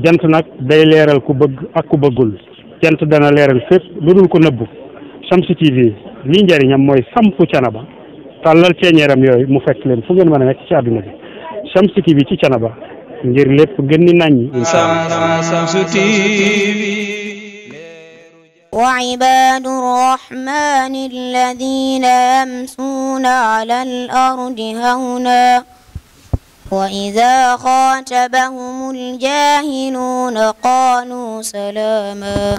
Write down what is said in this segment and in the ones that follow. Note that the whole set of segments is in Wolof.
jant nag day leeral ku bëgg ak ku bëggul jant dana leeral fépp lu dul ko nëbbu Shamsu TV li njëriñam mooy sampu canaba tàllal ceeñeeram yooyu mu fekk leen fu ngeen mën a nekk ci àdduna bi TV ci canaba ngir lépp gën ni naññi Shamsu TV وعباد الرحمن الذين يمشون على الأرض هونا وإذا خاتبهم الجاهلون قالوا سلاما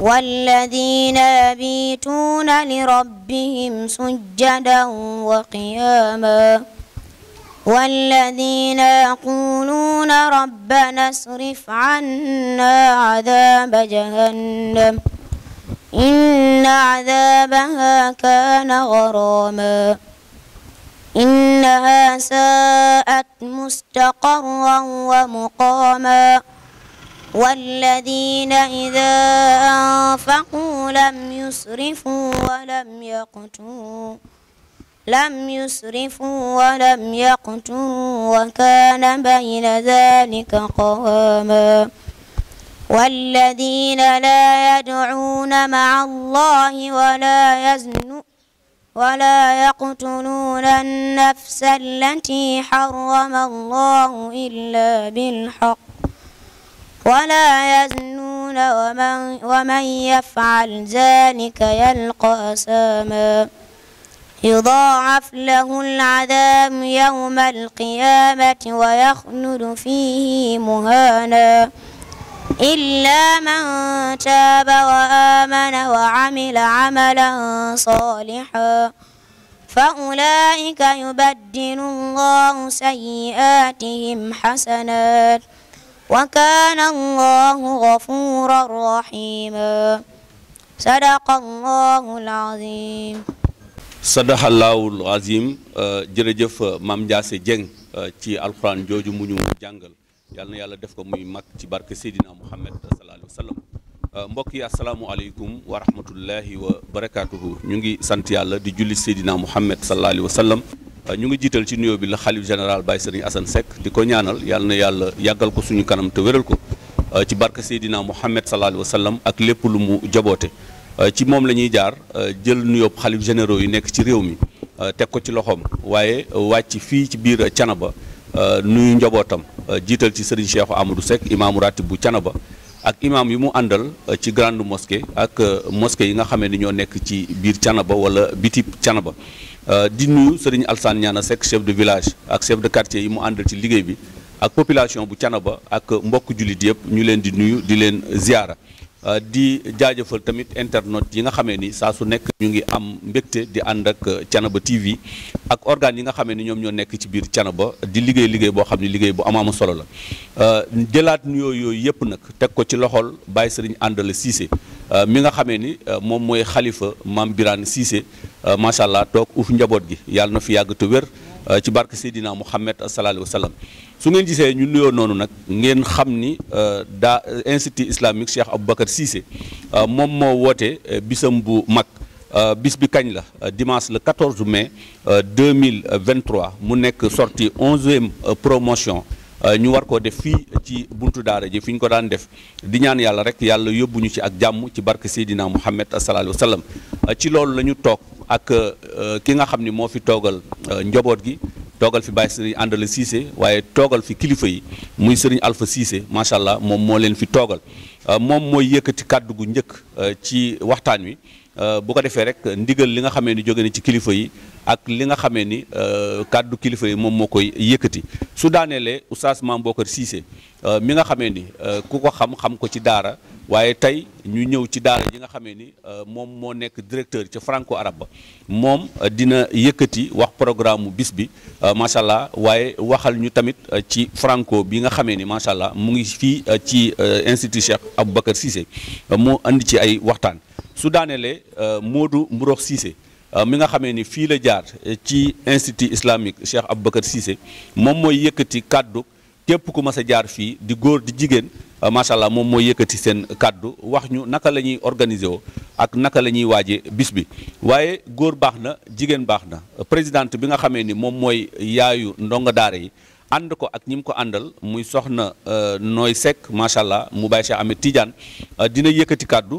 والذين يبيتون لربهم سجدا وقياما والذين يقولون ربنا اصرف عنا عذاب جهنم إن عذابها كان غراما إنها ساءت مستقرا ومقاما والذين إذا أنفقوا لم يسرفوا ولم يقتروا لم يسرفوا ولم يقتروا وكان بين ذلك قواما والذين لا يدعون مع الله ولا يزنون ولا يقتلون النفس التي حرم الله إلا بالحق ولا يزنون ومن, ومن يفعل ذلك يلقى ساما يضاعف له العذاب يوم القيامة ويخلد فيه مهانا إلا من تاب وآمن وعمل عملا صالحا فأولئك يبدل الله سيئاتهم حسنات وكان الله غفورا رحيما صدق الله العظيم صدق الله العظيم جرجف آه، آه، Mame Ndiassé في القرآن جوج jooju جنجل yal na yàlla def ko muy mag ci barke Seydina Muhammad sallallahu alayhi wa sallam euh, mbokk yi asalaamualeykum wa rahmatullahi wa barakaatuhu ñu ngi sant yàlla di julli Seydina Muhammad sallallahu alayhi sallam euh, ñu ngi jiital ci nuyoo bi la xalif général bay Serigne Assane Seck di ko ñaanal yal na yàlla yàggal ko suñu kanam te wéral ko euh, ci barke Seydina Muhammad sallallahu alayhi sallam ak lépp lu mu jaboote ci moom la ñuy jaar jël nuyoob xalif généraux yi nekk ci réew mi teg ko ci loxoom waaye wàcc fii ci biir Canaba Euh, nuyu njabootam euh, jiital ci Serigne Cheikh Amadou Seck imaamu ratib bu Canaba ak imaam yi mu àndal euh, ci grande mosquée ak mosquée yi nga xamee ni ñoo nekk ci biir Canaba wala bitib Canaba di nuyu Serigne Alsane Niana Seck chef de village ak chef de quartier yi mu àndal ci liggéey bi ak population bu Canaba ak mbokk jullit yëpp ñu leen di nuyu di leen ziyaara Euh, di jaajëfal tamit internet yi nga xamee ni saa su nekk ñu ngi am mbégte di ànd ak cana euh, Thiénaba TV ak organes yi nga xamee ni ñoom ñoo nekk ci biir cana ba di liggéey liggéey boo xam ne liggéey bu am am solo la euh, jëlaat nuyoo yooyu yëpp nag teg ko ci loxol Baye Serigne Andala Cissé mi nga xamee ni moom mooy xalifa Mame biraan Cissé macha allah toog uuf njaboot gi yàlla na fi yàgg te wér. Euh, ci barke Seydina Mouhamed sallallahu alayhi wa sallam su ngeen gisee ñu nuyoo noonu nag ngeen xam ni euh, daa euh, institut islamique Cheikh Aboubacar Cissé moom moo woote bisam bu mag bis bi kañ la dimanche le 14 mai 2023 mu nekk sorti 11e promotion Euh, ñu war koo def fii ci buntu daara ji fi ñu ko daan def di ñaan yàlla rek yàlla yóbbuñu ci ak jàmm ci barke Seydina Muhammad sallallahu alayhi euh, ci loolu la ñu toog ak euh, ki nga xam ni moo fi toogal njaboot gi toogal fi Baye Serigne Andala Cissé waaye toogal fi kilifa yi muy Serigne Alpha Cissé macha allah moom moo leen fi toogal moom mooy yëkkati kàddu gu njëkk ci waxtaan wi. Euh, bu ko defee rek ndigal li nga xamee ni jóge na ci kilifa yi ak li nga xamee ni euh, kàddu kilifa yi moom moo koy yëkkati su daaneelee oustaz Mame Bocar Cissé euh, mi nga xamee ni ku ko xam xam ko ci daara waaye tey ñu ñëw ci daara ji nga xamee ni euh, moom moo nekk directeur ca franco arabe ba moom euh, dina yëkkati wax programme bis bi euh, macha allah waaye waxal ñu tamit ci franco bi nga xamee ni macha allah mu ngi fii ci institut Cheikh Aboubacar Cissé moo andi ci ay waxtaan su daanelee Modou Mburox Cissé mi nga xamee ni fii la jaar ci institut islamique Cheikh Aboubacar Cissé moom mooy yëkkati kàddu képp ku mas a jaar fii di góor di jigéen. Eh, masallah mom moy yëkëti seen kaddu wax ñu naka lañuy organisé ak naka lañuy waje bis bi waye goor baxna jigen baxna présidente bi nga xamé ni mom moy yaayu ndonga daara yi and ko ak ñim ko andal muy soxna eh, noy sek masallah mu bay cheikh amed tidiane eh, dina yëkëti kaddu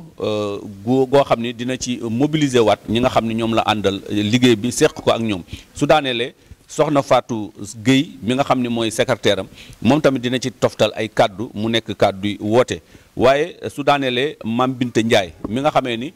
go xamni dina ci mobiliser wat ñi nga xamni ñom la andal liggéey bi sekk ko ak ñom su daanelé soxna faatu Guèye mi nga xam ni mooy secrétaire am moom tamit dina ci toftal ay kàddu mu nekk kàddu woote waaye su daanelee Mame Binte Ndiaye mi nga xamee ni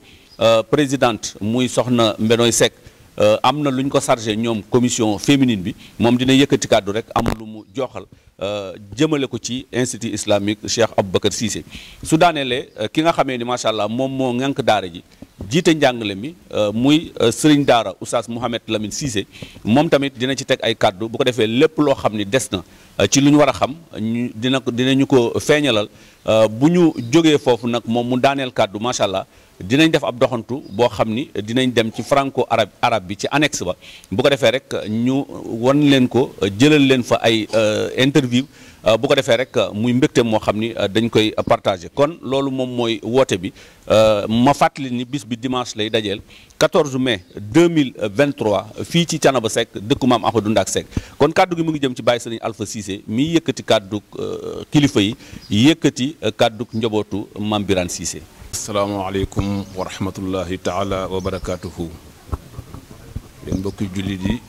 euh, présidente muy soxna Mbenoy Seck euh, am na lu ñu ko chargé ñoom commission féminine bi moom dina yëkkati kàddu rek am lu mu joxal euh, jëmale ko ci institut islamique Cheikh Aboubacar Cissé su daanelee ki nga xamee ni macha allah moom moo ŋànk daara ji jiite njàngale mi euh, muy euh, sëriñ daara oustaz Mouhamed Lamine Cissé moom tamit dina ci teg ay kàddu bu ko defee lépp loo xam ni des na euh, ci lu ñu war a xam ñu dina ko dina ñu ko feeñalal Euh, bu ñu jógee foofu nag moom mu daaneel kàddu macha allah dinañ def ab doxantu boo xam ni dinañ dem ci franco arab arabe bi ci annexe ba bu ko defee rek ñu wan leen ko jëlal leen fa ay euh, interview euh, bu ko defee rek muy mbégte moo xam ni dañ koy partagé kon loolu moom mooy woote bi ma fàttali ni bis bi dimanche lay dajeel 14 mai 2023 fii ci Thiénaba Seck dëkku maam Ahmadou Ndak Seck kon kàddu gi mu ngi jëm ci Baye Serigne Alpha Cissé mi yëkkati kàddu kilifa yi yëkkati kàdduk njobootu Mame Birane Cissé asalaamaaleykum wa rahmatullahi taala wa barakaatuhu yéen mbokki jullit yi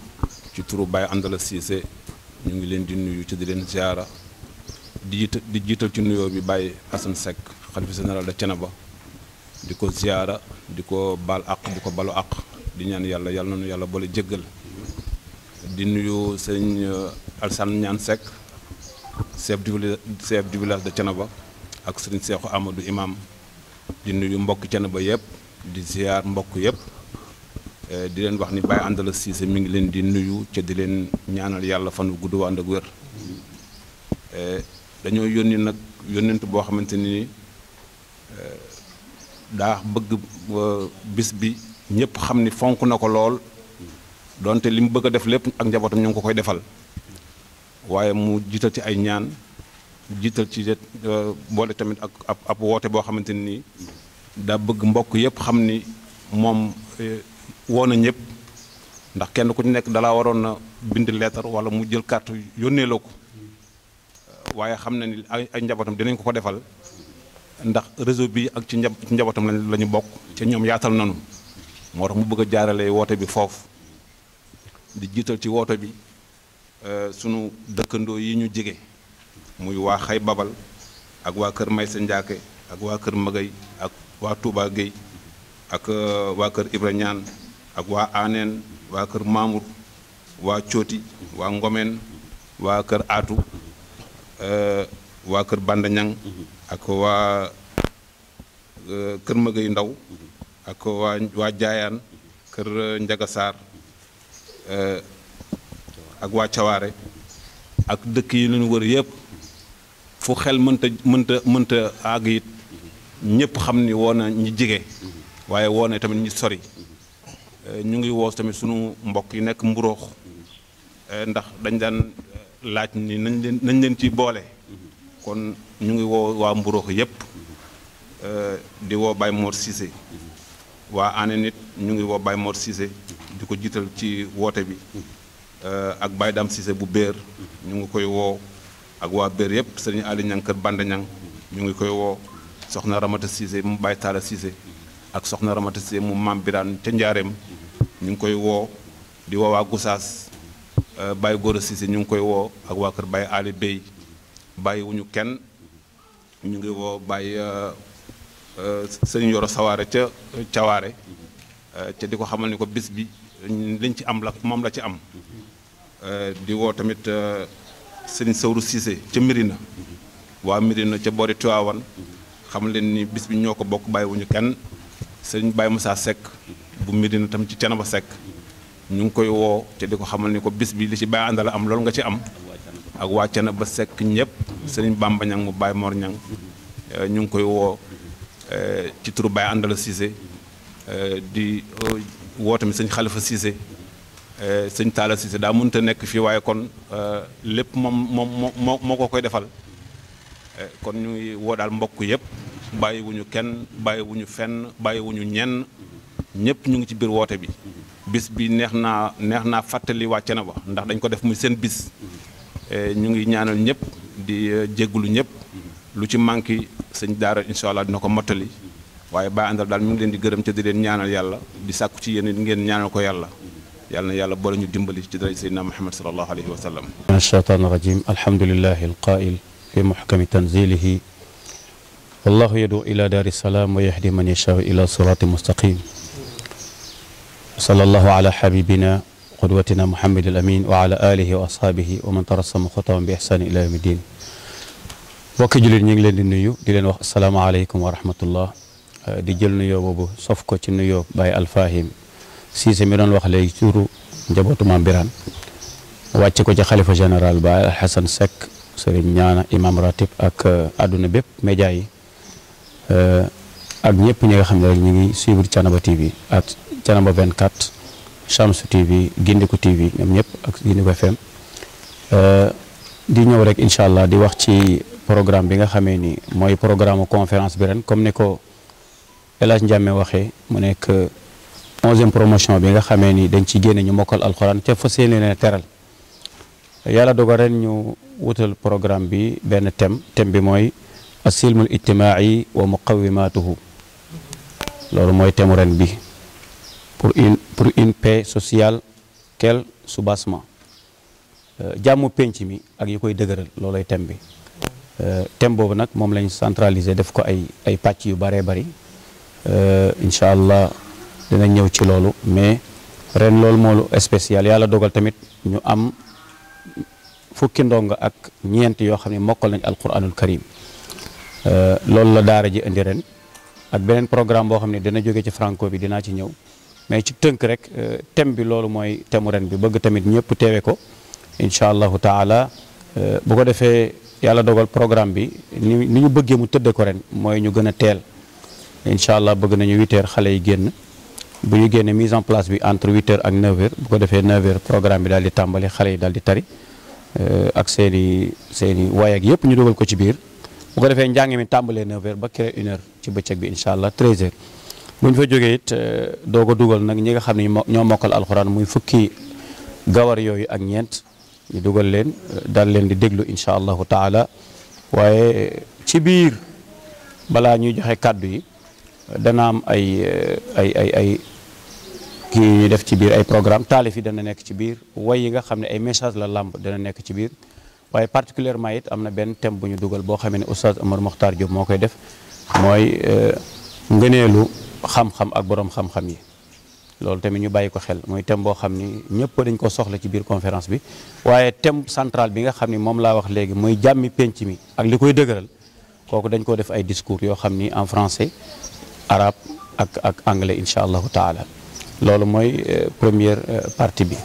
ci turu Baye Andala Cissé ñu ngi leen di nuyu ci di leen ziara di di jiital ci nuyoo bi Baye assan Seck xalifa général de Thiénaba di ko ziara di ko baal àq di ko balu àq di ñaan yàlla yàlla nañu yàlla boole jéggal di nuyu sëñ euh, Alsane Ñaan Seck chef du chef du ak sëriñ Seexu Amadou Imaam di nuyu mbokk Thiénaba yëpp di ziar mbokk yëpp eh, di leen wax ni Baye Andala Cissé mu ngi leen di nuyu ca di leen ñaanal yàlla fan wu gudd wu ànd ak wér eh, dañoo yónni nag yónnent boo xamante ni eh, daa bëgg bis bi ñëpp xam ni fonk na ko lool donte li mu bëgg a def lépp ak njabootam ñu ngi ko koy defal waaye mu jiital ay ñaan. jiital ci euh, boole tamit ak ab woote boo xamante nii daa bëgg mbokk yëpp xam ni moom euh, woo na ñëpp ndax kenn ku ci nekk dalaa waroon na bind leetar wala mu jël carte yónnee la ko waaye xam na ni ay njabootam dinañ ko ko defal ndax réseau bi ak ci nja ci njabootam lañ la ñu bokk ca ñoom yaatal nanu moo tax mu bëgg a jaarale woote bi foofu di jiital ci woote bi euh, sunu dëkkandoo yi ñu jege. muy waa xay babal ak waa kër may sa njaake ak waa kër magay ak waa Touba Guèye ak euh, waa kër Ibra Ñaan ak waa Aneen waa kër Mamour waa Cooti waa Ngomeen waa kër Aatu euh, waa kër Banda Ñang ak waa euh, kër Magay Ndaw ak waa waa Jaayaan kër Njaga ak waa Cawaare ak dëkk yi lu ñu wër yëpp fu xel mënta mënta mënta àgg it ñëpp xam ni woo na ñu jege waaye woo na tamit ñu sori eh, ñu ngi woo tamit suñu mbokk yi nekk mburoox eh, ndax dañ daan laaj ni nañ leen nañ leen ci boole kon ñu ngi woo waa mburoox yëpp eh, di woo Baye Mor Cissé waa ané nit ñu ngi woo Baye Mor Cissé di ko jiital ci woote bi ak Baye Dame Cissé bu béer ñu ngi koy woo ak waa béer yëpp sëriñ Ali Ñang kër Banda Ñang ñu ngi koy woo soxna Ramata Cissé mu Baye Talla Cissé ak soxna Ramata Cissé mu Maam Biraan ca Njaareem ñu ngi koy woo di woo waa bàyyi euh, Baye Gora Cissé ñu ngi koy woo ak waa kër Baye Ali Bey bàyyi wuñu kenn ñu ngi woo bàyyi Baye euh, euh, sëriñ Yoro Sawaare ca Cawaare ca di ko xamal ni ko bis bi liñ ci am la moom la ci am di woo tamit sëriñ Sawru Cissé ca Mirina waa Mirina ca boori Tiwaawan xam leen ni bis bi ñoo ko bokk bàyyiwuñu kenn sëriñ Baye Moussa Seck bu Mirina tam ci Thiénaba sekk ñu ngi koy woo te di ko xamal ni ko bis bi li ci Baye Andala am loolu nga ci am ak waa Thiénaba sekk ñëpp sëriñ Bamba Ñang mu Baye Mor ñaŋ euh, ñu ngi koy woo euh, ci turu Baye Andala Cissé euh, di woo tamit sëñ Khalifa Cissé Eh, sëñ Talla Cissé daa mënut a nekk fii waaye kon eh, lépp moom moom moo moo ko koy defal eh, kon ñu ngi woo daal mbokk yëpp bàyyiwuñu kenn bàyyiwuñu fenn bàyyiwuñu ñenn ñëpp ñu ngi ci biir woote bi. bis bi neex naa neex naa fàttali wàcce na ba ndax dañ ko def muy seen bis ñu ngi ñaanal ñëpp di jéggulu ñëpp lu ci manqué sëñ Daara incha allah dina ko mottali waaye baa àndal daal ñu ngi leen di gërëm ca di leen ñaanal yàlla di sàkku ci yéen ngeen ñaanal ko yàlla. يالنا يالا بول نيو ديمبالي سي دراي سيدنا محمد صلى الله عليه وسلم الشيطان الرجيم الحمد لله القائل في محكم تنزيله الله يدعو الى دار السلام ويهدي من يشاء الى صراط مستقيم صلى الله على حبيبنا قدوتنا محمد الامين وعلى اله واصحابه ومن ترسم خطوه باحسان الى يوم الدين وكجل نيغ لين دي نيو دي لين السلام عليكم ورحمه الله دي جيل نيو بوبو صفكو تي نيو باي الفاهم Cissé mi doon wax léegi turu njabootu maam wàcce ko ci xalifa général ba Alxasan Seck sëriñ ñaana imam ratib ak uh, àdduna bépp média yi uh, ak ñëpp ñi nga xam ne rek ñu ngi suivre Thiénaba TV ak Thiénaba 24 Shamsu TV Gindiku TV ñoom ñëpp ak Gindiku FM uh, di ñëw rek incha allah di wax ci programme bi nga xamee ni mooy programme conférence bi ren comme ne ko El Hadj Ndiame waxee mu nekk. onzième promotion bi nga xamé ni dañ ci génne ñu mokal alcorane te fassiyéné ne teral yàlla dogo ren ñu wutal programme bi ben thème thème bi mooy asilmul ijtimaai wa muqawwimatuhu lolu moy thème ren bi pour une pour une paix sociale quel soubassement jamu penc mi ak yikoy deugural lolay thème bi thème bobu nak mom lañ centraliser def ko ay ay patch yu bëree bëri euh inshallah dina ñëw ci loolu mais ren loolu moo lu yàlla dogal tamit ñu am fukki ndongo ak ñeent yoo xam ne mokkal nañu nañ alquranul karim euh, loolu la daara ji indi ren ak beneen programme boo xam ne dana jóge ci franco bi dinaa ci ñëw mais ci tënk rek euh, thème bi loolu mooy thème ren bi bëgg tamit ñëpp teewe ko incha allahu taala euh, bu ko defee yàlla dogal programme bi ni ni ñu bëggee mu tëddee ko ren mooy ñu gën a teel incha allah bëgg nañu 8 xale yi génn. bu ñu génnee mise en place bi entre huit ak neuf bu ko defee neuf heures programme bi daal di tàmbali xale yi daal di tari euh, ak seen i seen i yëpp ñu dugal ko ci biir bu ko defee njàng mi tàmbalee neuf ba crée une ci bëccëg bi incha allah treize heures bu ñu fa jógee it euh, doo ko dugal nag ñi nga xam ne ñoo mokkal alxuraan muy fukki gawar yooyu ak ñeent ñu dugal leen euh, daal leen di déglu incha allahu taala waaye ci biir balaa ñuy joxe kàddu yi dana am ay ay ay ay kii ñuy def ci biir ay programme taalif yi dana nekk ci biir way yi nga xam ne ay message la làmb dana nekk ci biir waaye particulièrement it am na benn thème bu ñu dugal boo xam ne oustaz Amar Mokhtar Diop moo koy def mooy ngëneelu xam-xam ak borom xam-xam yi loolu tamit ñu bàyyi ko xel muy thème boo xam ni ñëpp dañ ko soxla ci biir conférence bi waaye thème central bi nga xam ni moom laa wax léegi muy jàmmi penc mi ak li koy dëgëral kooku dañ ko def ay discours yoo xam ni en français arabe ak ak anglais incha allahu taala loolu mooy euh, première euh, partie bi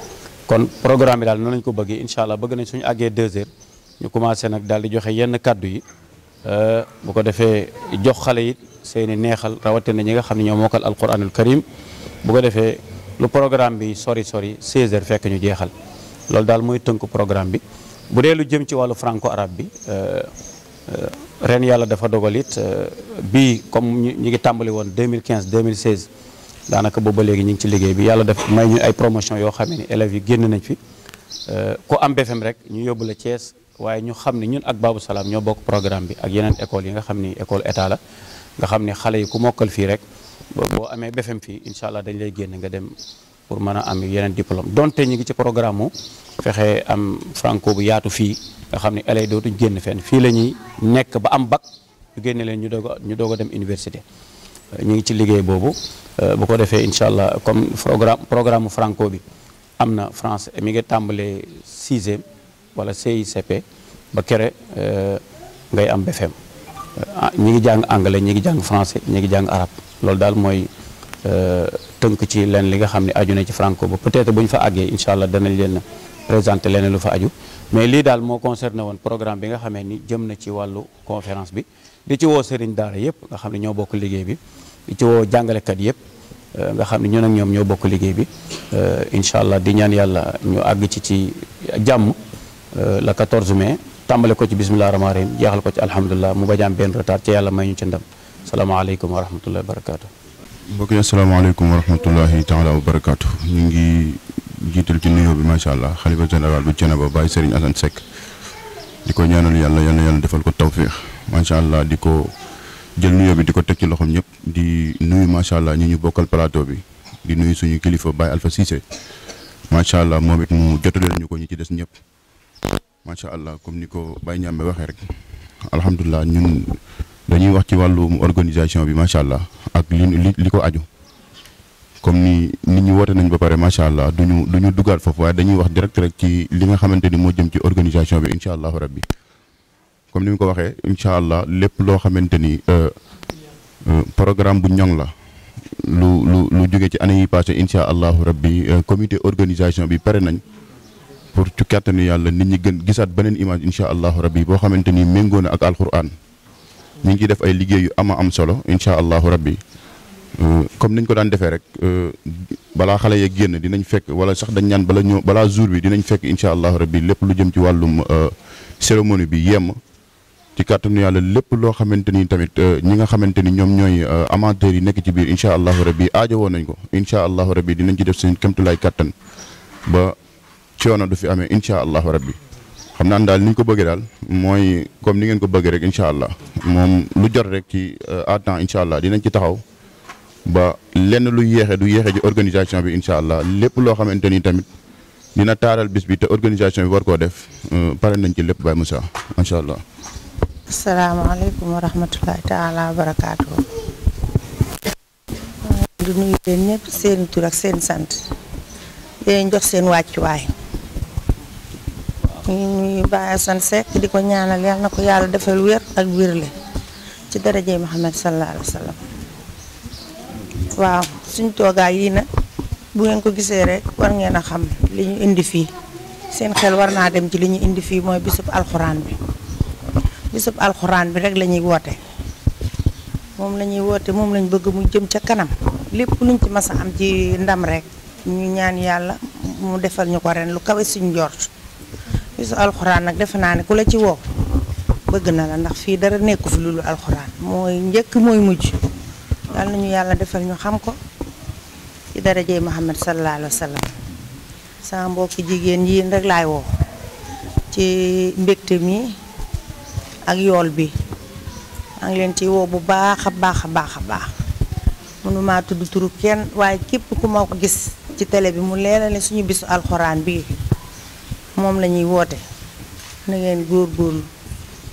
kon programme bi daal noonu lañ ko bëggee incha allah bëgg nañ suñu àggee deux heures ñu commencé nag daal di joxe yenn kàddu yi euh, bu ko defee jox xale yit seeni neexal rawatina ñi nga xam ne ñoo mokkal alquranul karim bu ko defee lu programme bi sori sori 16 fekk ñu jeexal loolu daal mooy tënk programme bi bu dee lu jëm ci wàllu franco arabe bi ren yàlla dafa dogal bii comme ñu ngi tàmbali woon 2015 2016 daanaka booba léegi ñu ngi ci liggéey bi yàlla def may ñu ay promotion yoo xam ne élèves yi génn nañ fi euh, ku am BFM rek ñu yóbbu la cees waaye ñu xam ni ñun ak Babou Salam ñoo bokk programme bi ak yeneen école yi nga xam ni école état la nga xam ni xale yi ku mokkal fii rek boo amee BFM fii incha allah dañ lay génn nga dem pour mën a am yeneen diplôme donte ñu ngi ci programme mu fexe am franco bu yaatu fii nga xam ne élèves dootuñ génn fenn fii la ñuy nekk ba am bac ñu génne leen ñu doog a ñu doog a dem université euh, ñu ngi ci liggéey boobu euh, bu ko defee incha allah comme programme programme franco bi am na France mi ngi tàmbalee sixième wala CICP ba kere euh, ngay am BFM e ah, ñi ngi jàng anglais ñi ngi jàng français ñi ngi jàng arabe loolu daal mooy tënk ci leen li nga xam ne aju na ci franco ba peut-être bu ñu fa àggee incha allah danañ leen présenter leneen lu fa aju mais lii daal moo concerné woon programme bi nga xamee ni jëm na ci wàllu conférence bi di ci woo sëriñ daara yëpp nga xam ne ñoo bokk liggéey bi di ci woo jàngalekat yëpp euh, nga xam ne ñun ak ñoom ñoo bokk liggéey bi euh, incha allah di ñaan yàlla ñu àgg ci ci jàmm euh, la 14 mai tàmbale ko ci bisimilah rahmaani rahim jeexal ko ci alhamdulilah mu bajaam benn retard ci yàlla may ñu ci ndam salaamaaleykum wa rahmatullahi wa barakaatu. mbokk yi asalaamaaleykum wa rahmatullahi taala wa ñu ngi jiital ci nuyoo bi macha allah xalifa général bu Thiénaba Baye Serigne Assane Seck di ko ñaanal yàlla yàlla yàlla defal ko tawfiix macha allah di ko jël nuyoo bi di ko teg ci loxoom ñëpp di nuyu macha allah ñu ñu bokkal palaato bi di nuyu suñu kilifa Baye Alpha Cissé macha allah moom it mu jotaleen ñu ko ñu ci des ñëpp macha allah comme ni ko Baye Ñambe waxee rek alhamdulilah ñun dañuy wax ci wàllu organisation bi macha allah ak li li ko aju. comme ni nit ñi woote nañ ba pare macha allah duñu duñu duggaat foofu waaye dañuy wax direct rek ci li nga xamante ni moo jëm ci organisation bi incha allahu rabbi comme ni mu ko waxee incha allah lépp loo xamante ni euh, euh, programme bu ñoŋ la lu lu lu jóge ci anne yi passé incha allahu rabbi euh, comité organisation bi pare nañ pour ci kàttanu yàlla nit ñi gën gisaat beneen image incha allahu rabbi boo xamante ni méngoo na ak alquran ñu ngi ciy def ay liggéey yu ama am solo incha allahu rabbi comme niñ ko daan defee rek balaa xale ya génn dinañ fekk wala sax dañ ñaan bala ñëw balaa jour bi dinañ fekk incha allahu rabbi lépp lu jëm ci wàllum cérémonie bi yem. ci kàttanu yàlla lépp loo xamante ni tamit euh, ñi nga xamante ni ñoom ñooy euh, amateurs yi nekk ci biir incha allahu rabi ajo woon nañ ko incha allahu rabi dinañ ci def seen kéemtulaay kàttan ba coono du fi amee incha allahu rabi xam naan daal ni ñu ko bëggee daal mooy comme ni ngeen ko bëggee rek incha allah moom lu jot rek ci euh, à temps incha allah dinañ ci taxaw ba lenn lu yéexee du yéexee ci organisation bi incha allah lépp loo xamante ni tamit dina taaral bis bi te organisation bi war koo def pare nañ ci lépp Baye Moussa macha allah. asalaamaaleykum wa rahmatulahi taala wa barakaatu. di nuyu leen ñëpp seen tur ak seen sant. di jox seen wàccuwaay. ñu nuyu Baye Assane Seck di ko ñaanal yal na ko yàlla defal wér ak wérle ci daraje Muhammad sallallahu alayhi wa sallam. waaw suñ toogaay yii nag bu ngeen ko gisee rek war ngeen a xam li ñu indi fii seen xel war naa dem ci li ñu indi fii mooy bisub alxuraan bi. bisub alxuraan bi rek lañuy woote moom lañuy woote moom lañ bëgg mu jëm ca kanam lépp luñ ci mas a am ci ndam rekk ñu ñaan yàlla mu defal ñu ko ren lu kawe suñ njort bisu alxuraan nag defe naa ne ku la ci woo bëgg na la ndax fii dara nekku fi lulu alxuraan mooy njëkk mooy mujj yàlla nañu yàlla defal ñu xam ko ci darajey Muhammad sallallahu alayhi wa sallam sama mbokki jigéen yi rek laay woo ci mbégte mi ak yool bi maa leen ci woo bu baax a baax a baax a baax mënumaa tudd turu kenn waaye képp ku ma ko gis ci télé bi mu leeral suñu bisu alxuraan bii moom la ñuy woote na ngeen góorgóorlu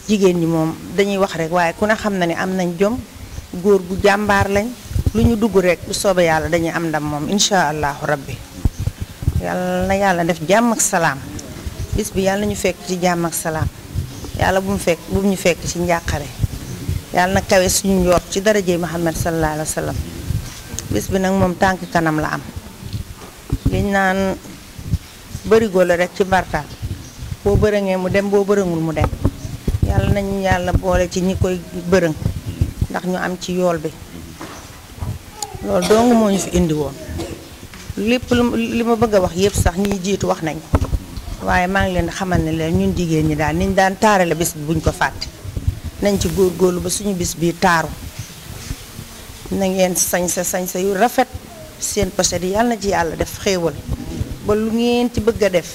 jigéen ñi moom dañuy wax rek waaye ku ne xam na ni am nañ jom góor gu jàmbaar lañ lu ñu dugg rek bu soobee yàlla dañuy am ndam moom incha allahu rabbi yàlla na yàlla def jàmm ak salaam bis bi yàlla ñu fekk ci jàmm ak salaam. yàlla bu mu fekk bu ñu fekk ci njàqare yàlla na kawe suñu njort ci daraje Muhammad sallallahu alayhi wa sallam bis bi nag moom tànk kanam la am liñ naan bërigo la rek ci mbartaal boo bërëngee mu dem boo bërëngul mu dem yàlla nañu yàlla boole ci ñi koy bërëng ndax ñu am ci yool bi loolu dong moo ñu fi indi woon lépp li ma bëgg a wax yëpp sax ñiy jiitu wax nañ waaye maa ngi leen xamal ne leen ñun jigéen ñi daal niñ daan taarale bis bi buñ ko fàtte nañ ci góor góorlu ba suñu bis bi taaru na ngeen sañse sañse yu rafet seen pochette yi yàlla na def xéewal ba ngeen ci bëgg a def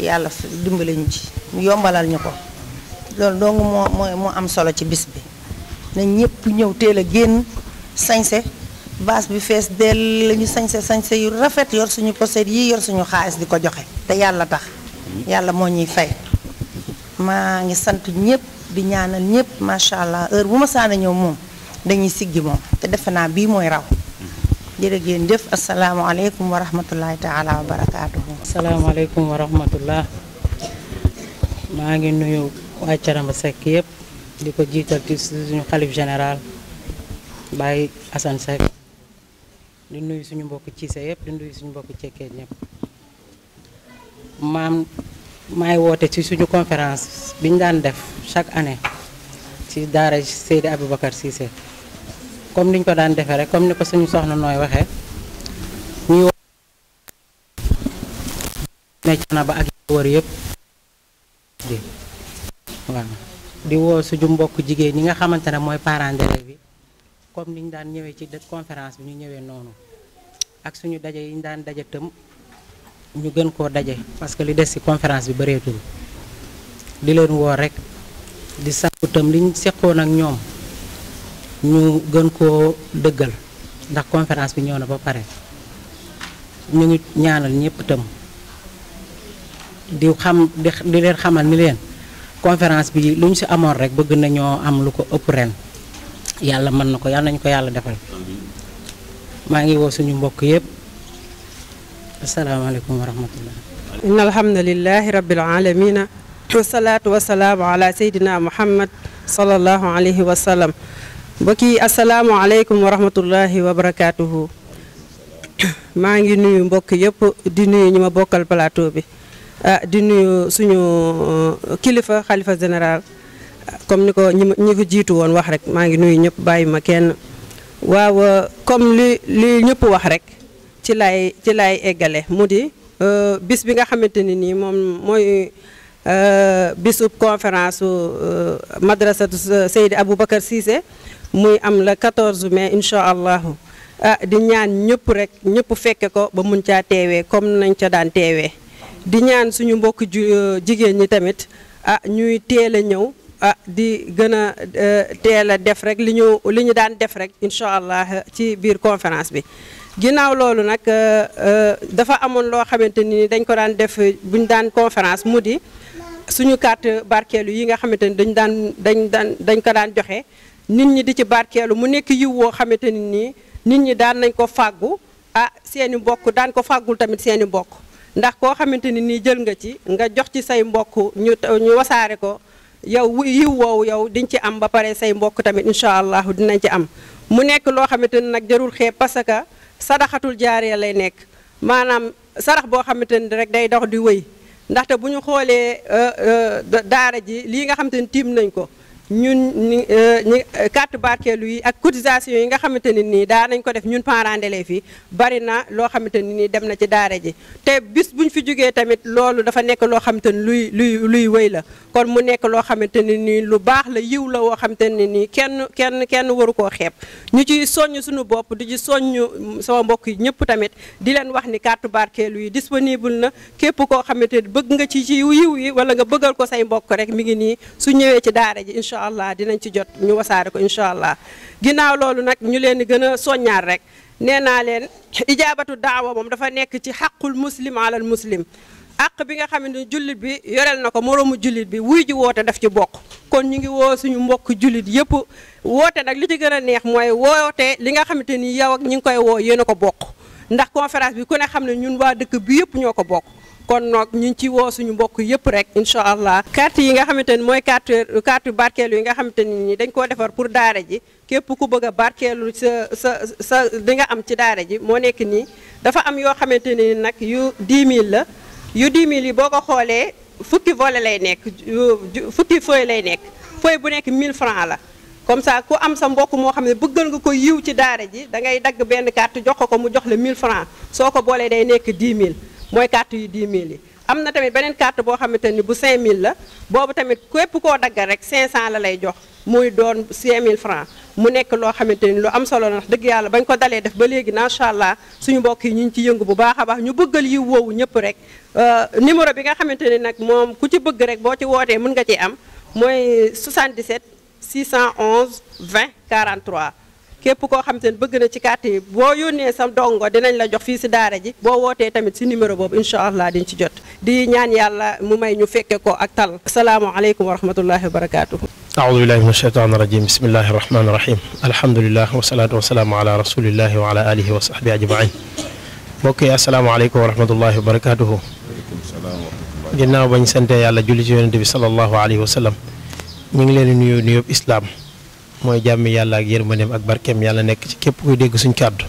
yàlla dimbale ci yombalal ñu ko loolu dong moo moo am solo ci bis bi na ñëpp ñëw teel a génn sañse baas bi fees dell la ñu sañse sañse yu rafet yor suñu pochette yi yor suñu xaalis di ko joxe te yàlla tax yàlla moo ñuy fay maa ngi sant ñëpp di ñaanal ñëpp macha allah heure bu ma saana ñëw moom dañuy siggi moom te defe naa bii mooy raw jërë ngeen jëf asalaamaaleykum wa rahmatullahi taala wa barakaatuhu asalaamaaleykum maa ngi nuyu waa Caramba Seck di ko jiital ci suñu xalif général Baye Assane Seck di nuyu suñu mbokk Cissé yëpp di nuyu suñu mbokk Cekkeen ñëpp maam may wote ci suñu conférence biñ daan def chaque année ci daara seydi aboubacar siise comme niñ ko daan defee rek comme ni ko suñu soxna nooy waxee ñuy ne cana ba ak war yëpp di waaw di woo suñu mbokk jigéen ñi nga xamante ne mooy parent d' bi comme niñ daan ñëwee ci conférence bi ñu ñëwee noonu ak suñu daje yi ñu daan daje tëm ñu gën koo daje parce que li des ci conférence bi bëreetul di leen woo rek di sàkku tam liñ seqoon ak ñoom ñu gën koo dëggal ndax conférence bi ñëw na ba pare ñu ngi ñaanal ñëpp itam di xam di leen xamal ni leen conférence bi lu ñu si amoon rek bëgg nañoo am lu ko ëpp ren yàlla mën na ko yàlla nañu ko yàlla defal maa ngi woo suñu mbokk yëpp السلام عليكم ورحمة الله إن الحمد لله رب العالمين والصلاة والسلام على سيدنا محمد صلى الله عليه وسلم بكي السلام عليكم ورحمة الله وبركاته ما ينوي بكي يب دنيا نما بكال بلاتوبي دنيا سنو كلفة خلفة جنرال كم نكو نيفو جيتو وان وحرك ما ينوي نب باي مكان واو كم لي لي نب وحرك ci lay ci lay eggale mu di euh, bis bi nga xamante ne nii moom mooy euh, bisub conférence su euh, madrasatu Seydi Aboubacar Cissé muy am la 14 mais incha allahu ah di ñaan ñëpp rek ñëpp fekke ko ba mun caa teewee comme nañ ca daan teewee di ñaan suñu mbokk jigéen ñi tamit ah ñuy teel a ñëw ah di gën a teel a def rek li ñu li ñu daan def rek incha allah ci biir conférence bi. ginnaaw loolu nag euh, euh, dafa amoon loo xamante ni dañ ko daan def buñ daan conférence mu di suñu carte barkeelu yi nga xamante ni dañ daan dañ daan dañ ko daan joxe nit ñi di ci barkeelu mu nekk yiw woo xamante ni nii nit ñi daan nañ ko fàggu ah seeni mbokk daan ko fàggul tamit seeni mbokk ndax koo xamante ni nii jël nga ci nga jox ci say mbokk ñu ñu wasaare ko yow yiw woowu yow diñ ci am ba pare say mbokk tamit incha allah dinañ ci am mu nekk loo xamante ni nag jarul xeeb parce que sadaxatul jaariya lay nekk maanaam sarax boo xamante ni rek day dox di wëy ndaxte bu ñu xoolee euh, euh, daara ji lii nga xamante ni tiim nañ ko ñun ñi euh, ñi euh, carte barkeelu yi ak cotisation yi nga xamante ne nii daa nañ ko def ñun parents d'élèves yi bari na loo xamante ne nii dem na ci daara ji te bis ñu fi jógee tamit loolu dafa nekk loo xamante ni luy luy luy wéy la kon mu nekk loo xamante ne nii lu baax la yiw la woo xamante ne nii kenn kenn kenn waru koo xeeb ñu ci soññ suñu bopp di ci soññ sama mbokk yi ñëpp tamit di leen wax ni carte barkeelu yi disponible na képp koo xamante ni bëgg nga ci ci yiw yi wala nga bëggal ko say mbokk rek mi ngi nii ci incha dinañ ci jot ñu wasaare ko incha allah ginnaaw loolu nag ñu leen di gën a soññaar rek nee naa leen ijaabatu daawa moom dafa nekk ci xaqul muslim alal muslim àq bi nga xamante ni jullit bi yoreel na ko moroomu jullit bi wuy ji woote daf ci bokk kon ñu ngi woo suñu mbokk jullit yëpp woote nag li ci gën a neex mooy woote li nga xamante ni yow ak ñi ngi koy woo yéen a ko bokk ndax conférence bi ku ne xam ne ñun waa dëkk bi yëpp ñoo ko bokk kon noog ñu ngi ci woo suñu mbokk yëpp rek incha allah carte yi nga xamante ni mooy carte carte barkeelu yi nga xamante ni dañ koo defar pour daara ji képp ku bëgg a barkeelu sa sa sa di nga am ci daara ji moo nekk nii dafa am yoo xamante ni nag yu 10000 la yu 10000 yi boo ko xoolee fukki volet lay nekk fukki feuille lay nekk feuille bu nekk mille francs la comme sa ku am sa mbokk moo xam ne bëggal nga ko yiw ci daara ji dangay dagg benn carte jox ko ko mu jox la mille francs soo ko boolee day nekk mille mooy carte yu 10000 yi. am na tamit beneen carte boo xamante ni bu 5000 la boobu tamit képp koo daggal rek 500 la lay jox muy doon 5000 francs mu nekk loo xamante ni lu am solo ndax dëgg yàlla bañ ko dalee def ba léegi macha allah suñu mbokk yi ñu ngi ci yëngu bu baax a baax ñu bëggal yiw woowu ñëpp rek euh, numéro bi nga xamante ni nag moom ku ci bëgg rek boo ci wootee mën nga ci am mooy 77. 611 20 43 képp koo xam te ne bëgg na ci carte yi boo yónnee sa dongo dinañ la jox fii si daara ji boo wootee tamit si numéro boobu incha allah diñ ci jot di ñaan yàlla mu may ñu fekke ko ak tal asalaamaaleykum wa rahmatullahi wa barakaatu. aoudu billahi min asheytaan rajim bismillahi rahmaani rahim alhamdulilah wasalaatu wasalaamu ala rasulillahi wa ala alihi wa sahbi ajmain mbokk yi asalaamaaleykum wa rahmatullahi wa barakaatuhu ginnaaw bañ sante yàlla julli ci yonente bi salallahu alayhi wa sallam ñu ngi leen di nuyu nuyoob islaam mooy jàmm yàlla ak yërmandeem ak barkeem yàlla nekk ci képp kuy dégg suñ kàddu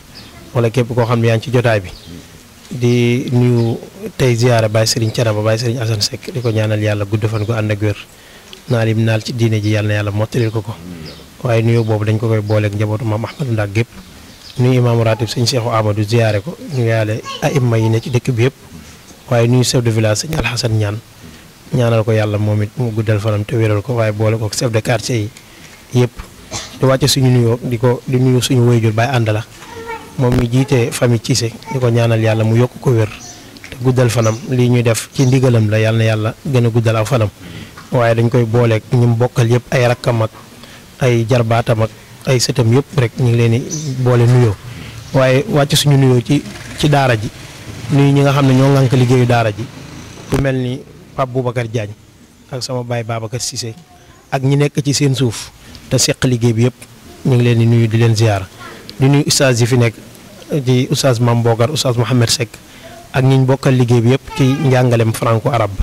wala képp koo xam ne yaa ngi ci jotaay bi di nuyu tey ziyaara Baye Serigne Thiénaba baay Serigne Assane Seck di ko ñaanal yàlla gudd fan gu ànd ak wér naal yim naal ci diine ji yàlla yàlla mottalil ko ko waaye nuyu boobu dañ ko koy booleek njabootu maam Ahmadou Ndak gépp nuyu imaamu ratib sëñ Seexu Amadou ziyaare ko ñu yaale aimma yi ne ci dëkk bi yëpp waaye nuyu chef de village sëñ Alxasan Ñaan ñaanal ko yàlla moom it mu guddal fanam te wéral ko waaye boole ko chef de quartier yi yëpp du wàcc suñu nuyoo di ko di nuyu suñu wayjur Baye la moom mi jiite famille Cissé di ko ñaanal yàlla mu yokk ko wér te guddal fanam lii ñuy def ci ndigalam la yàlla yàlla gën a guddal aw fanam waaye dañ koy booleeg ñu mu bokkal yëpp ay rakkam ak ay jarbaatam ak ay sëtam yëpp rek ñu ngi leen di boole nuyoo waaye wàcc suñu nuyoo ci ci daara ji nuyu ñi nga xam ne ñoo ngànk liggéeyu daara ji Pape Boubacar Diagne ak sama baay Babacar Cissé ak ñi nekk ci seen suuf te seq liggéey bi yëpp ñu ngi leen di nuyu di leen ziar di nuyu ustaas yi fi nekk ci ustaas Mame Bogar ustaas Mohamed ak ñi ñu bokkal liggéey bi yëpp ci njàngaleem franco arabe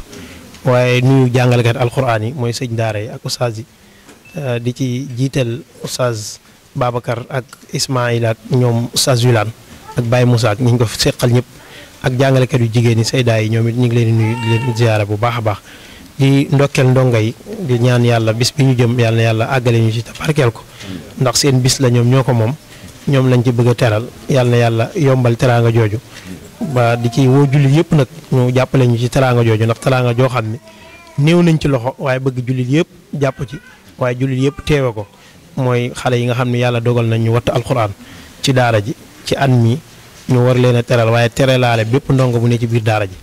waaye nuyu jàngalekat alquran yi mooy sëñ daara yi ak ustaas euh, di ci jiital ustaas Babacar ak Ismaïl ak ñoom ustaas Wilane ak Baye Moussa ak ñi ko seqal ñëpp. ak jàngalekat yu jigéen ñi saydaa yi ñoom it ñu ngi leen di nuyu di leen ziyaara bu baax a baax di ndokkeel ndongo yi di ñaan yàlla bis bi ñu jëm yàlla yàlla àggale ñu ci te barkeel ko ndax seen bis la ñoom ñoo ko moom ñoom lañ ci bëgg a teral yàlla yàlla yombal teraanga jooju ba di ci woo jullit yëpp nag ñu jàppale ñu ci teraanga jooju ndax teraanga joo xam ne néew nañ ci loxo waaye bëgg jullit yëpp jàpp ci waaye jullit yëpp teewe ko mooy xale yi nga xam ne yàlla dogal nañ ñu wattu alxuraan ci daara ji ñu war leen teral waaye teralaale bépp ndongo bu ne ci biir daara ji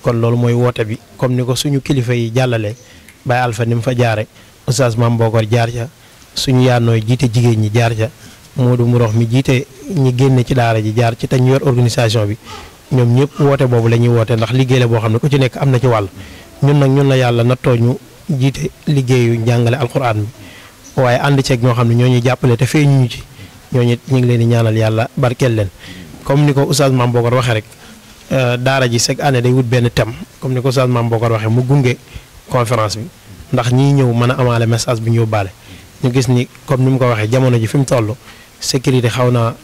kon loolu mooy woote bi comme ni ko suñu kilifa yi jàllale Baye Alpha ni mu fa jaare oustaz Mame Bokor jaar ca suñu yaanooy jiite jigéen ñi jaar ca Modou Mourox mi jiite ñi génn ci daara ji jaar ci te ñu yor organisation bi ñoom ñëpp woote boobu la ñuy woote ndax liggéey la boo xam ne ku ci nekk am na ci wàll ñun nag ñun la yàlla nattoo ñu jiite liggéeyu njàngale alquran bi waaye ànd ceeg ñoo xam ne ñoo ñuy jàppale te feeñu ñu ci ñooñu ñu ngi leen di ñaanal yàlla barkeel leen comme ni ko oustaz Mame Bokar waxee rek euh, daara ji chaque année day wut benn thème comme ni ko oustaz Mame Bokar waxee mu gunge conférence bi ndax ñii ñëw mën a amaale message bi ñu yóbbaale ñu gis ni comme ni mu ko waxee jamono ji fi mu toll sécurité xaw naa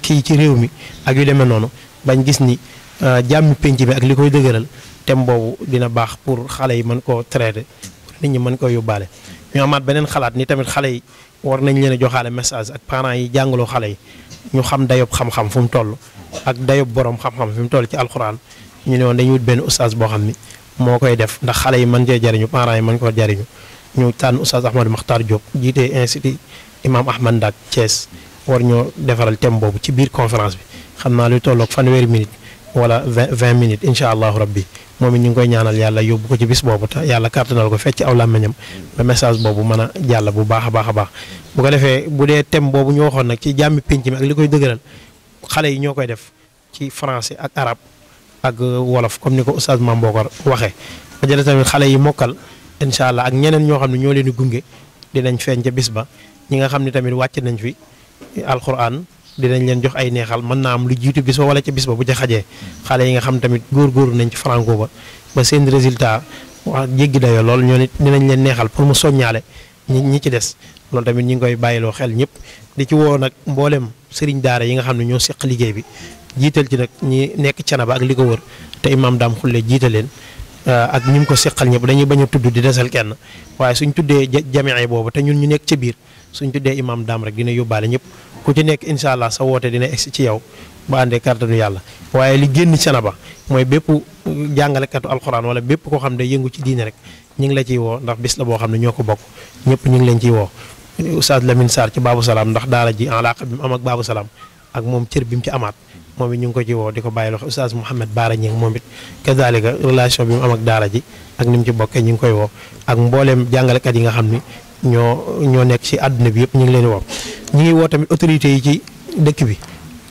kii ci réew mi ak yu demee noonu bañ gis ni euh, jàmmi pénc bi ak li koy dëgëral thème boobu dina baax pour xale yi mën koo traité nit ñi mën koo yóbbaale. ñu amaat beneen xalaat ni tamit xale yi war nañ leen a joxaale message ak parents yi jàngaloo xale yi. ñu xam dayob xam-xam fu mu toll ak dayob borom xam-xam fu mu toll ci alxuraan ñu ne woon dañuy wut benn ustaas boo xam ni moo koy def ndax xale yi mën cee jariñu parents yi mën koo jariñu ñu tànn ustaas Ahmad Makhtar Diop jiite institut imam Ahmad Ndak Thiès war ñoo defaral thème boobu ci biir conférence bi xam naa luy tolloog fanweeri minute wala vingt vingt minutes incha allahu rabbi moom it ñu ngi koy ñaanal yàlla yóbbu ko ci bis boobu te yàlla kàttanal ko fecc aw làmmiñam ba message boobu mën a jàll bu baax a baax a baax bu ko defee bu dee thème boobu ñu waxoon nag ci jàmmi pénc mi ak li koy dëgëral xale yi ñoo koy def ci français ak arabe ak wolof comme ni ko oustaz Mame ko waxee. ma jëlee tamit xale yi mokkal incha allah ak ñeneen ñoo xam ne ñoo leen di gunge dinañ feeñ ca bis ba ñi nga xam ne tamit wàcc nañ fi alquran dinañ leen jox ay neexal mën naa am lu jiitu bis ba wala ca bis ba bu ca xajee xale yi nga xam tamit góorgóorlu nañ ci franco ba ba seen résultat wax jéggi dayoo lool ñoo nit dinañ leen neexal pour mu soññaale ñi ñi ci des loolu tamit ñu ngi koy bàyyiloo xel ñëpp di ci woo nag mbooleem sëriñ daara yi nga xam ne ñoo seq liggéey bi jiital ci nag ñi nekk canaba ak li ko wër te imaam daam xulle jiital leen euh, ak ñi ko seqal ñëpp dañuy bañ a tudd di desal kenn waaye suñ tuddee jaméen boobu te ñun ñu nekk ca biir suñ tuddee imaam daam rek dina yóbbaale ñëpp ku ci nekk incha allah sa woote dina egsi ci yow ba àndee kàttanu yàlla waaye li génn Thiénaba mooy bépp jàngalekatu alxuraan wala bépp koo xam ne yëngu ci diine rek ñu ngi la ciy woo ndax bis la boo xam ne ñoo ko bokk ñëpp ñu ngi leen ciy woo Oustaz Lamine Sarr ci baabu salaam ndax daara ji alaaka bi mu am ak Babou Salam ak moom cër bi mu ci amaat moom it ñu ngi ko ci woo di ko bàyyi loxo Oustaz Mouhamed Baara Ñeng moom it kazalika relation bi mu am ak daara ji ak ni mu ci bokkee ñu ngi koy woo ak mbooleem jàngalekat yi nga xam ni ñoo ñoo nekk ci àdduna bi yëpp ñu ngi leen woo ñu ngi woo tamit autorités yi ci dëkk bi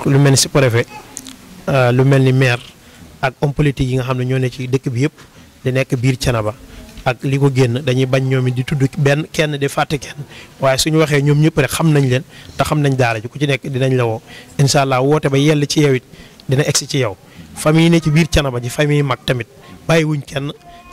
lu mel ni si préfet euh, lu mel ni maire ak homme politique yi nga xam ne ñoo ne ci dëkk bi yëpp di nekk biir Thiénaba ak li ko génn dañuy bañ ñoom it di tudd benn kenn di fàtte kenn waaye suñu waxee ñoom ñëpp rek xam nañ leen te xam nañ daara ji ku ci nekk dinañ la woo incha allah woote ba yell ci yow it dina egsi ci yow famille yi ne ci biir Thiénaba ji famille mag tamit bàyyiwuñ kenn.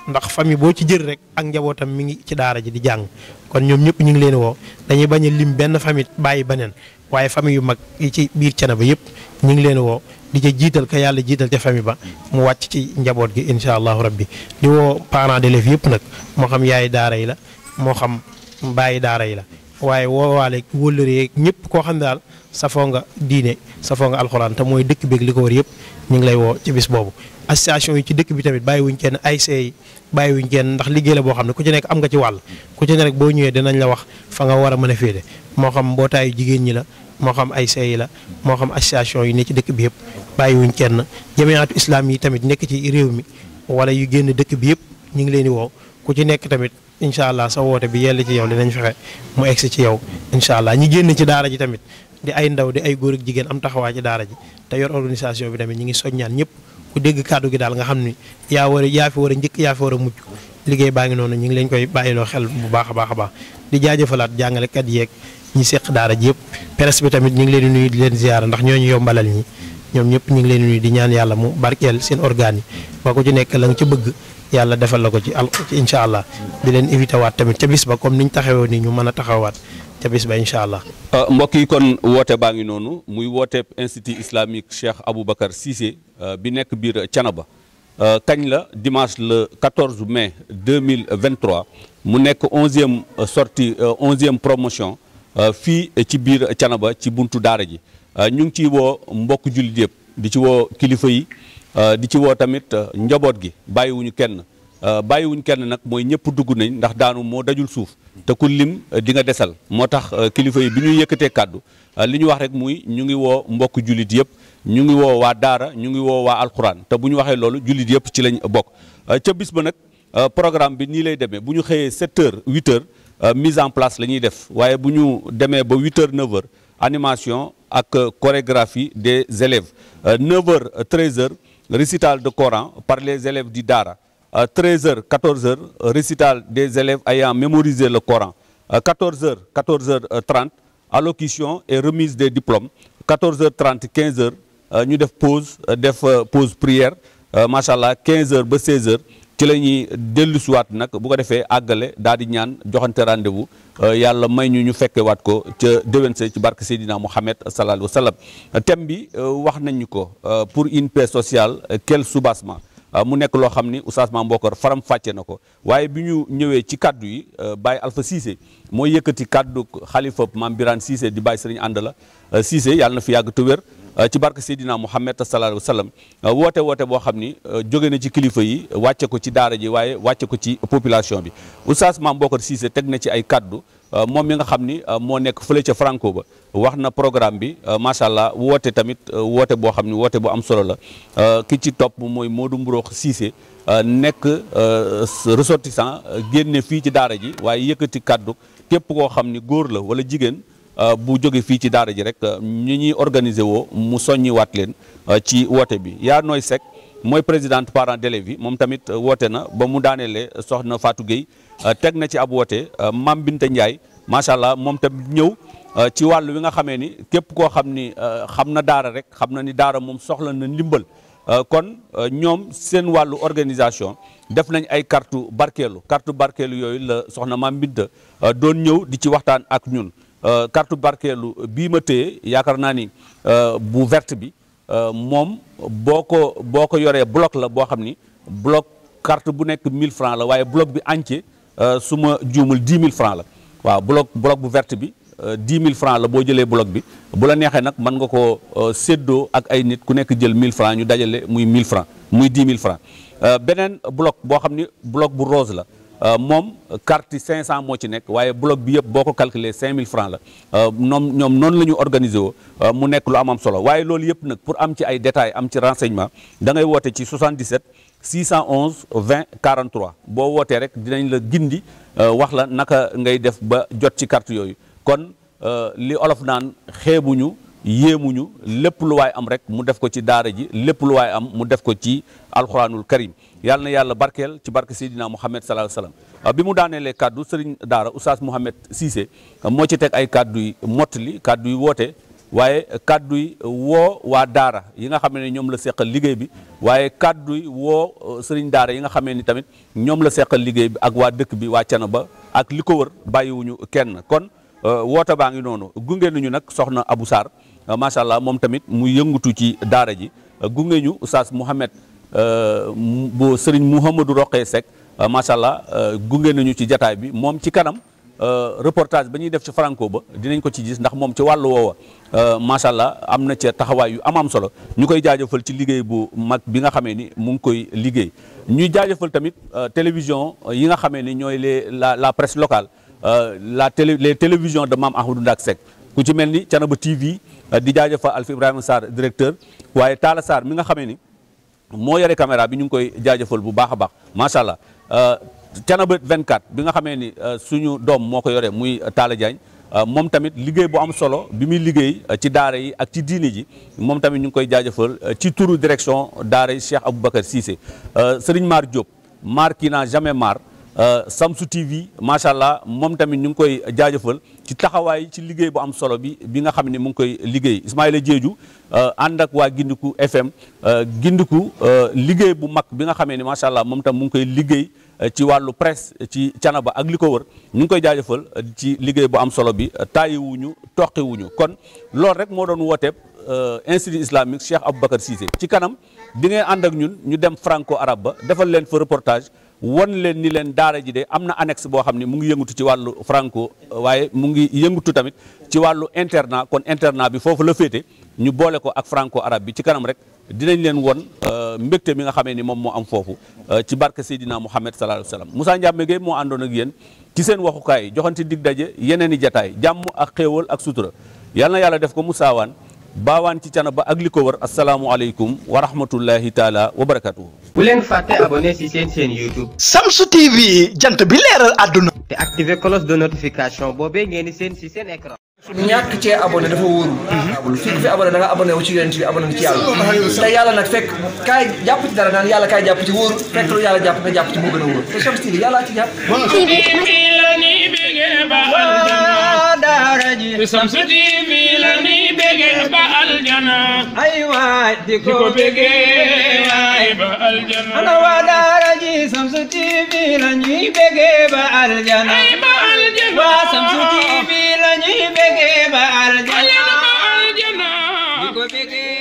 ndax famille boo ci jël rek ak njabootam mi ngi ci daara ji di jàng kon ñoom ñëpp ñu ngi leen woo dañuy bañ a lim benn famille bàyyi beneen waaye famille yu mag yi ci biir Thiénaba yëpp ñu leen woo di ca jiital ka yàlla jiital ca famille ba mu wàcc ci njaboot gi incha allahu rabbi di woo parents d'élèves yëpp nag moo xam yaay daara la moo xam bàyyi daara yi la waaye woowaale wóllëre yeeg ñëpp koo xam ne daal safoo nga diine safoo nga mooy dëkk beeg ko war yëpp ñu ngi lay woo ci bis boobu association yi ci dëkk bi tamit bàyyiwuñ kenn ay yi bàyyiwuñ kenn ndax liggéey la boo xam ne ku ci nekk am nga ci wàll ku ci nekk boo ñëwee dinañ la wax fa nga war a mën a féete moo xam mbootaayu jigéen ñi la moo xam ASC yi la moo xam association yi ne ci dëkk bi yëpp bàyyiwuñ kenn jamiatu islaam yi tamit nekk ci réew mi wala yu génn dëkk bi yëpp ñu ngi leen di woo ku ci nekk tamit incha allah sa woote bi yell ci yow dinañ fexe mu egsi ci yow incha allah ñi génn ci daara ji tamit di ay ndaw di ay góor ak jigéen am taxawaa ci daara ji te yor organisation bi tamit ñi ngi soññaan ñëpp ku dégg kàddu gi daal nga xam ni yaa war a yaa fi war njëkk yaa fi war a mujj liggéey baa ngi noonu ñu ngi leen koy bàyyiloo xel bu baax a baax a baax di jaajëfalaat jàngalekat yeeg ñi seq daara ji yëpp presse bi tamit ñu ngi leen di nuyu di leen ziyaara ndax ñooñu yombalal ñi ñoom ñëpp ñu ngi leen di di ñaan yàlla mu barkeel seen organes yi ba ko ci nekk la nga ci bëgg yàlla defal la ko ci al incha allah di leen éviter waat tamit ca bis ba comme niñ taxawoo nii ñu mën a taxawaat ca bis ba incha allah. Euh, mbokk yi kon woote baa ngi noonu muy woote institut islamique Cheikh Aboubacar Cissé Euh, bi nekk biir Thiénaba euh, kañ la dimanche le 14 mai 2023 mu nekk onzième euh, sortie onzième promotion fii ci biir Thiénaba ci buntu daara ji ñu ngi ciy woo mbokk jullit yëpp di ci woo kilifa yi di ci woo tamit njaboot gi bàyyiwuñu kenn Euh, bàyyiwuñ kenn nak moy ñepp dugg nañ ndax daanu mo dajul suuf te ku lim euh, di nga desal motax euh, kilifa yi biñu yëkëté yëkkatee liñu wax rek muy ñu ngi wo mbokk julit yëpp ñu ngi wo wa daara ñu ngi wo wa alxuraan te buñu waxé waxee loolu jullit yëpp ci lañ bok ci bis ba nag programme bi ni lay démé buñu ñu 7 h 8 h mise en place lañuy def waaye buñu démé ba 8 h 9 h animation ak chorégraphie des élèves 9 h 13 heures récital de Coran par les élèves di daara 13h, euh, 14h, euh, récital des élèves ayant mémorisé le Coran. 14h, euh, 14h30, allocution et remise des diplômes. 14h30, 15h, nous devons pause def pause prière Machallah, 15h 16h nous devons ñuy dellu siwaat bu ko defee agalé, rendez-vous yàlla may ñu ñu fekke nous ko ca déwén ci pour une paix sociale quel soubassement Euh, mu nekk loo xam ni oustaz Mame Bokar faram fàccee na ko waaye bi ñu ñëwee ci kàddu yi euh, Baye Alpha Cissé mooy yëkkati kaddu xalifa Mame Birane Cissé di bàyyi Baye ànd la euh, Cissé yàlla na fi yàgg te wér Euh, ci barke Seydina Mouhamed sallallahu alayhi euh, woote woote boo xam ni euh, jóge na ci kilifa yi wàcce ko ci daara ji waaye wàcce ko ci population bi oustaz Mame Bocar Cissé teg na ci ay kàddu moom mi nga xam ni moo nekk fële ca Franco ba wax na programme bi macha allah woote tamit woote boo xam ni woote bu am solo la ki ci topp mooy Modou Mbroox Cissé nekk ressortissant génne fii ci daara ji waaye yëkkati kàddu képp koo xam ni góor la wala jigéen. Euh, bu jóge fii ci daara ji rek ñi euh, ñuy organiser woo mu soññi waat leen euh, ci woote bi yaa nooy sec mooy présidente parent d'élèves yi moom tamit woote na ba mu daaneele soxna faatu Gueye teg na ci ab woote Mame Binta Ndiaye macha allah moom tamit ñëw ci wàllu wi nga xamee ni képp koo xam ni xam na daara rek xam na ni daara moom soxla na ndimbal kon ñoom seen wàllu organisation def nañ ay kartu barkeelu kartu barkeelu yooyu la soxna Mame Binta doon ñëw di ci waxtaan ak ñun Euh, carte barkeelu bii ma téye yaakaar naa ni euh, bu verte bi euh, moom boo ko boo ko yoree bloc la boo xam ni bloc carte bu nekk mille francs la waaye bloc bi entier su ma juumul 10 000 la waaw bloc bloc bu verte bi 10 000 francs la boo jëlee bloc bi bu la neexee nag mën nga ko séddoo ak ay nit ku nekk jël mille francs ñu dajale muy mille francs muy 10 000 francs beneen bloc boo xam ni bloc bu rose la Euh, moom carte cinq cent moo ci nekk waaye bloc bi yëpp boo ko calculer cinq mille francs la ñoom euh, ñoom noonu la ñu organiser woo euh, mu nekk lu am am solo waaye loolu yëpp nag pour am ci ay détails am ci renseignement dangay woote ci 77 611 20 43 boo wootee rek dinañ la gindi wax la naka ngay def ba jot ci carte yooyu kon li olof naan xeebuñu yéemu ñu lépp lu waay am rek mu def ko ci daara ji lépp lu waay am mu def ko ci alxuraanul karim yàlla na yàlla barkeel ci barke Seydina Mouhamed salaahu salaam bi mu daaneelee kàddu sëriñ daara oustaz Mouhamed Cissé moo ci teg ay kàddu yi mottali kàddu yi woote waaye kàddu woo waa daara yi nga xam ne ñoom la seqal liggéey bi waaye kàddu woo uh, sëriñ daara yi nga xamee ni tamit ñoom la seqal liggéey bi ak waa dëkk bi waa Thiénaba ak li ko wër bàyyiwuñu kenn kon uh, woote baa ngi noonu gunge nañu nag soxna abu saar Euh, masallah mom tamit mu yëngutu ci daara ji euh, gungé ñu oustaz mohammed euh bo serigne mohammedou roqé sek euh, masallah gungé nañu ci jotaay bi mom ci kanam euh reportage bañuy def ci franco ba dinañ ko ci gis ndax mom ci walu wowa euh masallah amna ci taxaway yu am am solo ñukoy jaajeufal ci liggéey bu mag bi nga xamé ni mu ngi koy liggéey ñu jaajeufal tamit télévision yi nga xamé ni ñoy la la presse locale euh la télé les télévisions de mam ahmadou ndak sek ku ci mel ni Thiénaba TV euh, di jaajëfal Alfi Ibrahima Sarr directeur waaye Talla Sarr mi nga xamee ni moo yore caméra bi ñu ngi koy jaajëfal bu baax a baax macha allah euh, Thiénaba 24 bi nga xamee ni euh, suñu doom moo ko yore muy Talla Diagne moom tamit liggéey bu am solo bi muy liggéey ci daara yi ak ci diine ji moom tamit ñu ngi koy jaajëfal ci turu direction daara yi abu Aboubacar Cissé Serigne Mar Diop Mar qui n'a jamais marre Euh, Samsu TV macha allah moom tamit ñu ngi koy jaajëfal ci taxawaay ci liggéey bu am solo bi bi nga xam ne mu ngi koy liggéey Ismaïla Diédiou euh, ànd ak waa Gindiku FM euh, Gindiku liggéey bu mag bi nga xamee ni macha allah moom tam mu ngi koy liggéey ci wàllu presse ci canaba ak li ko wër ñu ngi koy jaajëfal ci liggéey bu am solo bi taayiwuñu toqiwuñu kon loolu rek moo doon wooteeb institut islamique Cheikh Aboubacar Cissé ci kanam di ngeen ànd ak ñun ñu dem franco arabe ba defal leen fa won leen ni leen daara ji de am na annexe boo xam ne mu ngi yëngatu ci wàllu franco euh, waaye mu ngi yëngatu tamit ci wàllu internat kon internat bi foofu la féete ñu boole ko ak franco arabe bi ci kanam rek dinañ leen won euh, mbégte mi nga xamee ni moom moo am foofu euh, ci barke Seydina Mouhamed sallallahu alayhi wa sallam Moussa moo àndoon ak yéen ci seen waxukaay joxante dig daje yeneen i jataay jàmm ak xéewal ak sutura yal na yàlla def ko musaawaan bawan ci tiana ba ak liko wër assalamu alaykum wa rahmatullahi taala wa barakatuh bu len faté abonné ci sen chaîne youtube samsu tv jant bi léral aduna té activé cloche de notification bobé ngéni sen ci sen écran ñak ci abonné dafa woru bu fi fi abonné da nga abonné wu ci yéne ci abonné ci yalla té yalla nak fek kay japp ci dara nan yalla kay japp ci woru fek lu yalla japp nga japp ci mo gëna woru té samsu tv yalla ci japp bégee ba aljana daara ji Shamsu TV la ñuy bégee ba aljana ay waay di ko bégee waay ba aljana ana waa daara ji Shamsu TV la ñuy bégee ba aljana ay ba aljana waa Shamsu TV la ñuy bégee ba aljana di ko bégee